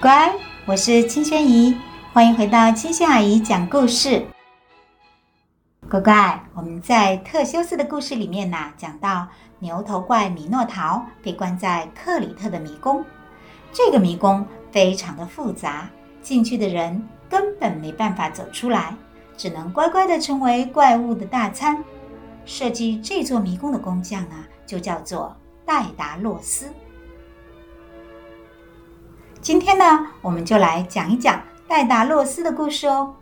乖，我是青萱姨，歡迎回到青萱阿姨講故事。乖乖，我們在特修斯的故事裡面呢、啊，講到牛頭怪米諾陶被關在克里特的迷宮，這個迷宮非常的複雜，進去的人根本沒辦法走出來，只能乖乖的成為怪物的大餐。設計這座迷宮的工匠呢，就叫做戴達洛斯。今天呢，我們就來講一講戴達洛斯的故事哦。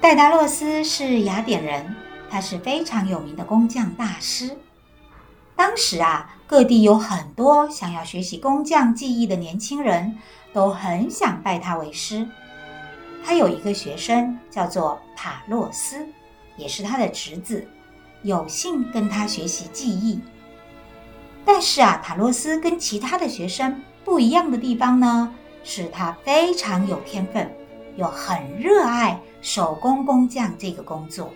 戴達洛斯是雅典人，他是非常有名的工匠大師。當時啊，各地有很多想要學習工匠技藝的年輕人，都很想拜他為師。他有一個學生叫做塔洛斯，也是他的侄子，有幸跟他學習技藝。但是啊，塔羅斯跟其他的學生不一樣的地方呢，是他非常有天分，又很熱愛手工工匠這個工作。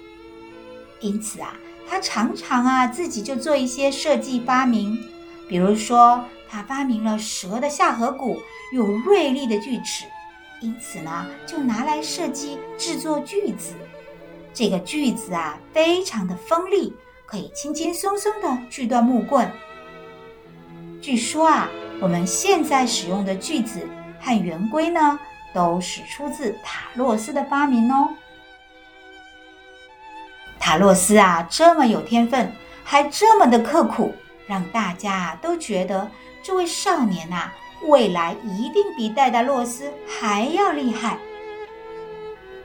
因此啊，他常常啊自己就做一些設計發明。比如說，他發明了蛇的下頜骨有銳利的鋸齒，因此呢，就拿來設計製作鋸子。這個鋸子啊，非常的鋒利，可以輕輕鬆鬆的鋸斷木棍。據說啊，我們現在使用的鋸子和圓規呢，都是出自塔洛斯的發明哦。塔洛斯啊，這麼有天分，還這麼的刻苦，讓大家都覺得這位少年吶、啊，未來一定比戴達洛斯還要厲害。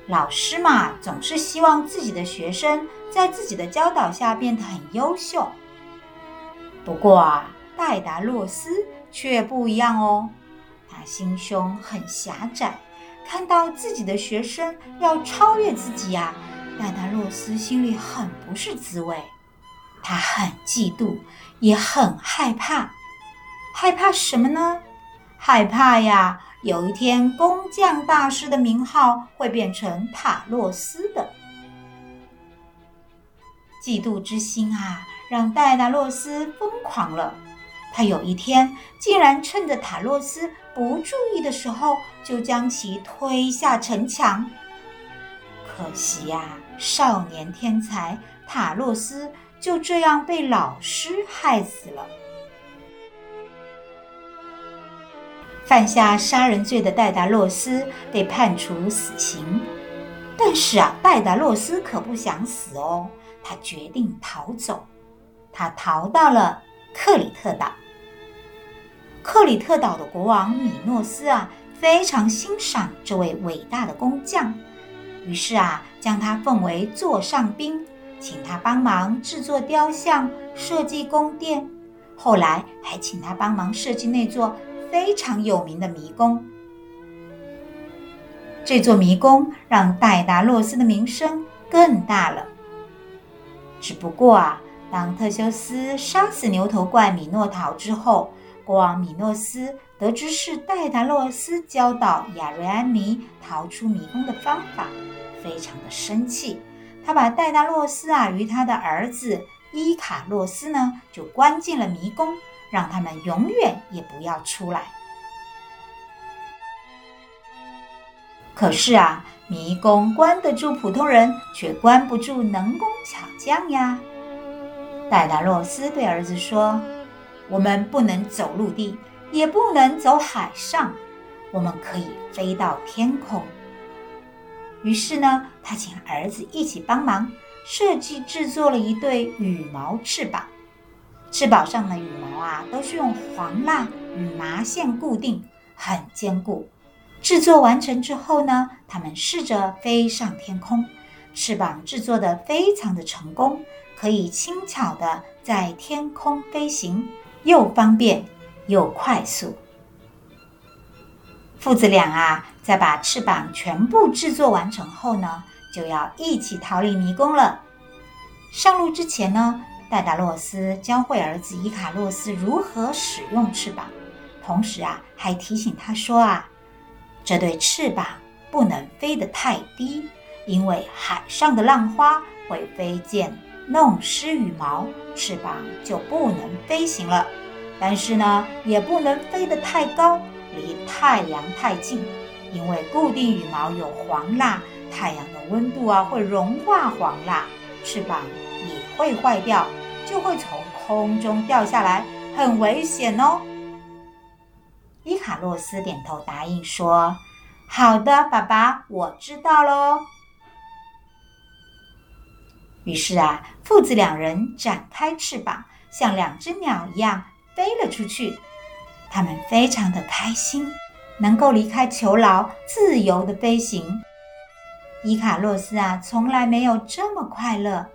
老師嘛，總是希望自己的學生在自己的教導下變得很優秀。不過啊。戴達洛斯卻不一樣哦，他心胸很狹窄，看到自己的學生要超越自己呀、啊，戴達洛斯心裡很不是滋味，他很嫉妒，也很害怕，害怕什麼呢？害怕呀，有一天工匠大師的名號會變成塔洛斯的。嫉妒之心啊，讓戴達洛斯瘋狂了。他有一天竟然趁着塔洛斯不注意的時候，就將其推下城牆。可惜呀、啊，少年天才塔洛斯就這樣被老師害死了。犯下殺人罪的戴達洛斯被判處死刑，但是啊，戴達洛斯可不想死哦，他決定逃走。他逃到了克里特島。克里特島的國王米諾斯啊，非常欣賞這位偉大的工匠，於是啊，將他奉為座上賓，請他幫忙製作雕像、設計宮殿，後來還請他幫忙設計那座非常有名的迷宮。這座迷宮讓戴達洛斯的名聲更大了。只不過啊，當特修斯殺死牛頭怪米諾陶之後，國王米諾斯得知是戴達洛斯教導亞瑞安尼逃出迷宮的方法，非常的生氣，他把戴達洛斯啊與他的兒子伊卡洛斯呢就關進了迷宮，讓他們永遠也不要出來。可是啊，迷宮關得住普通人，卻關不住能工巧匠呀。戴達洛斯對兒子說我們不能走陸地，也不能走海上，我們可以飛到天空。於是呢，他請兒子一起幫忙設計制作了一對羽毛翅膀。翅膀上的羽毛啊，都是用黃蠟與麻線固定，很堅固。制作完成之後呢，他們試着飛上天空，翅膀制作得非常的成功，可以輕巧地在天空飛行。又方便又快速。父子倆啊，在把翅膀全部製作完成後呢，就要一起逃離迷宮了。上路之前呢，戴達洛斯教會兒子伊卡洛斯如何使用翅膀，同時啊，還提醒他說啊，這對翅膀不能飛得太低，因為海上的浪花會飛濺。弄濕羽毛，翅膀就不能飛行了。但是呢，也不能飛得太高，離太陽太近，因為固定羽毛有黃蠟，太陽的溫度啊會融化黃蠟，翅膀也會壞掉，就會從空中掉下來，很危險哦。伊卡洛斯點頭答應說：“好的，爸爸，我知道了哦。”於是啊，父子兩人展開翅膀，像兩隻鳥一樣飛了出去。他們非常的開心，能夠離開囚牢，自由的飛行。伊卡洛斯啊，從來沒有這麼快樂。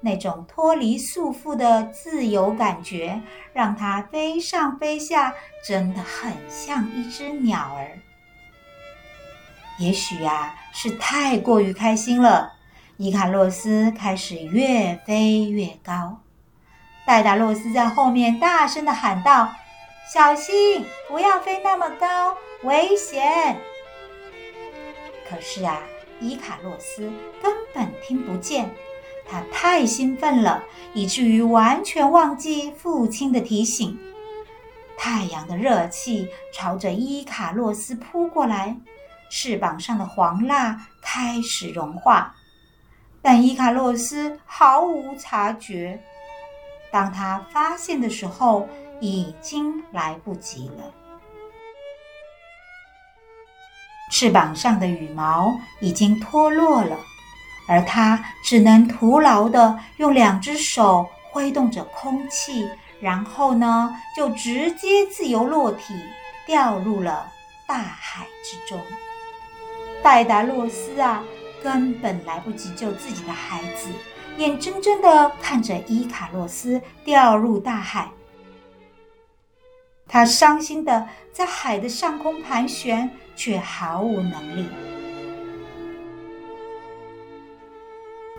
那種脫離束縛的自由感覺，讓他飛上飛下，真的很像一隻鳥兒。也許啊，是太過於開心了。伊卡洛斯開始越飛越高，戴達洛斯在後面大聲地喊道：“小心，不要飛那麼高，危險！”可是啊，伊卡洛斯根本聽不見，他太興奮了，以至於完全忘記父親的提醒。太陽的熱氣朝着伊卡洛斯撲過來，翅膀上的黃蠟開始融化。但伊卡洛斯毫無察覺，當他發現的時候，已經來不及了。翅膀上的羽毛已經脫落了，而他只能徒勞的用兩隻手揮動着空氣，然後呢，就直接自由落體，掉入了大海之中。戴達洛斯啊！根本來不及救自己的孩子，眼睜睜的看着伊卡洛斯掉入大海。他傷心的在海的上空盤旋，卻毫無能力。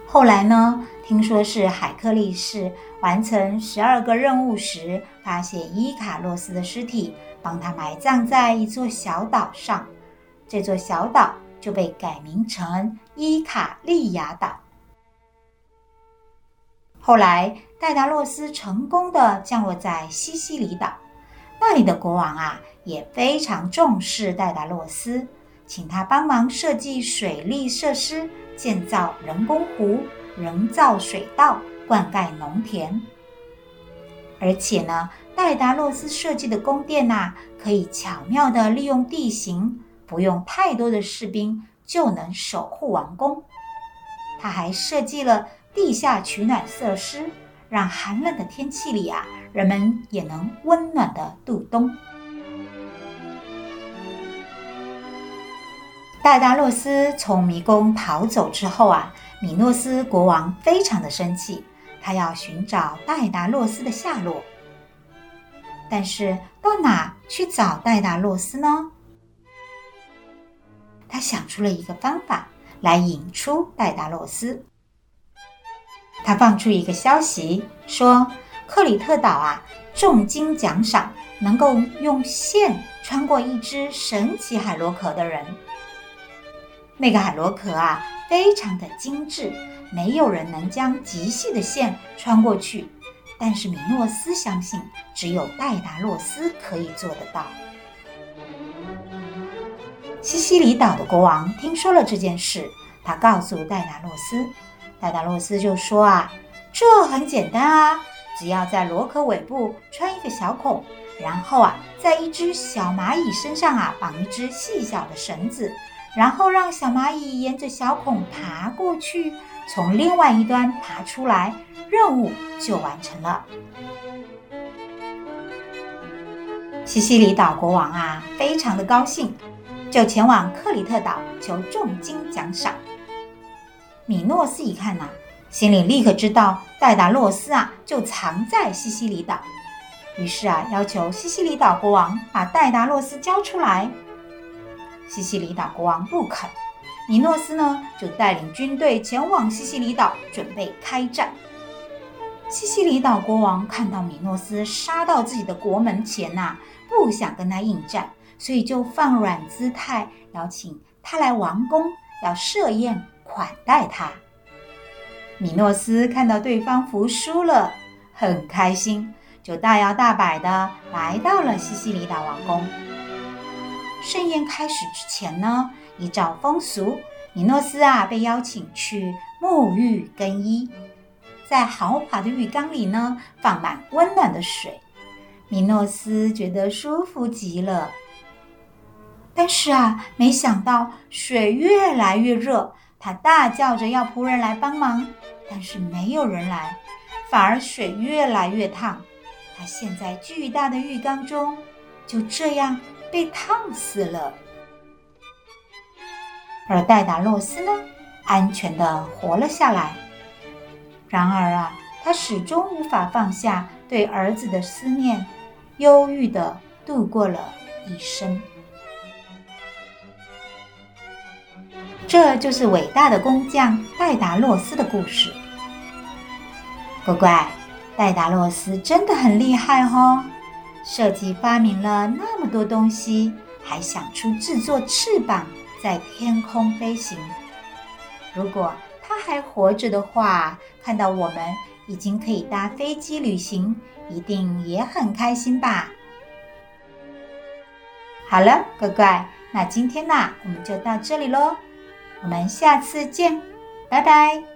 後來呢，聽說是海克力士完成十二個任務時，發現伊卡洛斯的屍體，幫他埋葬在一座小島上。這座小島就被改名成伊卡利亞島。後來，戴達洛斯成功地降落在西西里島，那裡的國王啊也非常重視戴達洛斯，請他幫忙設計水利設施，建造人工湖、人造水道、灌溉農田。而且呢，戴達洛斯設計的宮殿啊，可以巧妙地利用地形。不用太多的士兵就能守護王宮，他還設計了地下取暖設施，讓寒冷的天氣裡啊，人們也能溫暖的度冬。戴達洛斯從迷宮逃走之後啊，米諾斯國王非常的生氣，他要尋找戴達洛斯的下落。但是到哪去找戴達洛斯呢？想出了一個方法來引出戴達洛斯，他放出一個消息說，克里特島啊，重金獎賞能夠用線穿過一隻神奇海螺殼的人。那個海螺殼啊，非常的精緻，沒有人能將極細的線穿過去，但是米諾斯相信，只有戴達洛斯可以做得到。西西里島的國王聽說了這件事，他告訴戴達洛斯，戴達洛斯就說：“啊，這很簡單啊，只要在螺殼尾部穿一個小孔，然後啊，在一隻小螞蟻身上啊，綁一隻細小的繩子，然後讓小螞蟻沿着小孔爬過去，從另外一端爬出來，任務就完成了。”西西里島國王啊，非常的高興。就前往克里特島求重金獎賞。米諾斯一看吶、啊，心裡立刻知道戴達洛斯啊就藏在西西里島，於是啊要求西西里島國王把戴達洛斯交出來。西西里島國王不肯，米諾斯呢就帶領軍隊前往西西里島，準備開戰。西西里島國王看到米諾斯殺到自己的國門前吶、啊，不想跟他應戰。所以就放軟姿態，邀請他來王宮，要設宴款待他。米諾斯看到對方服輸了，很開心，就大搖大擺的來到了西西里島王宮。盛宴開始之前呢，依照風俗，米諾斯啊被邀請去沐浴更衣，在豪華的浴缸裡呢放滿溫暖的水，米諾斯覺得舒服極了。但是啊，沒想到水越來越熱，他大叫着要僕人來幫忙，但是沒有人來，反而水越來越燙，他陷在巨大的浴缸中，就這樣被燙死了。而戴達洛斯呢，安全的活了下來。然而啊，他始終無法放下對兒子的思念，憂鬱的度過了一生。這就是偉大的工匠戴達洛斯的故事。乖乖，戴達洛斯真的很厲害哦，設計發明了那麼多東西，還想出制作翅膀在天空飛行。如果他還活着的話，看到我們已經可以搭飛機旅行，一定也很開心吧。好了，乖乖，那今天呢、啊，我們就到這裡嘍。我們下次見，拜拜。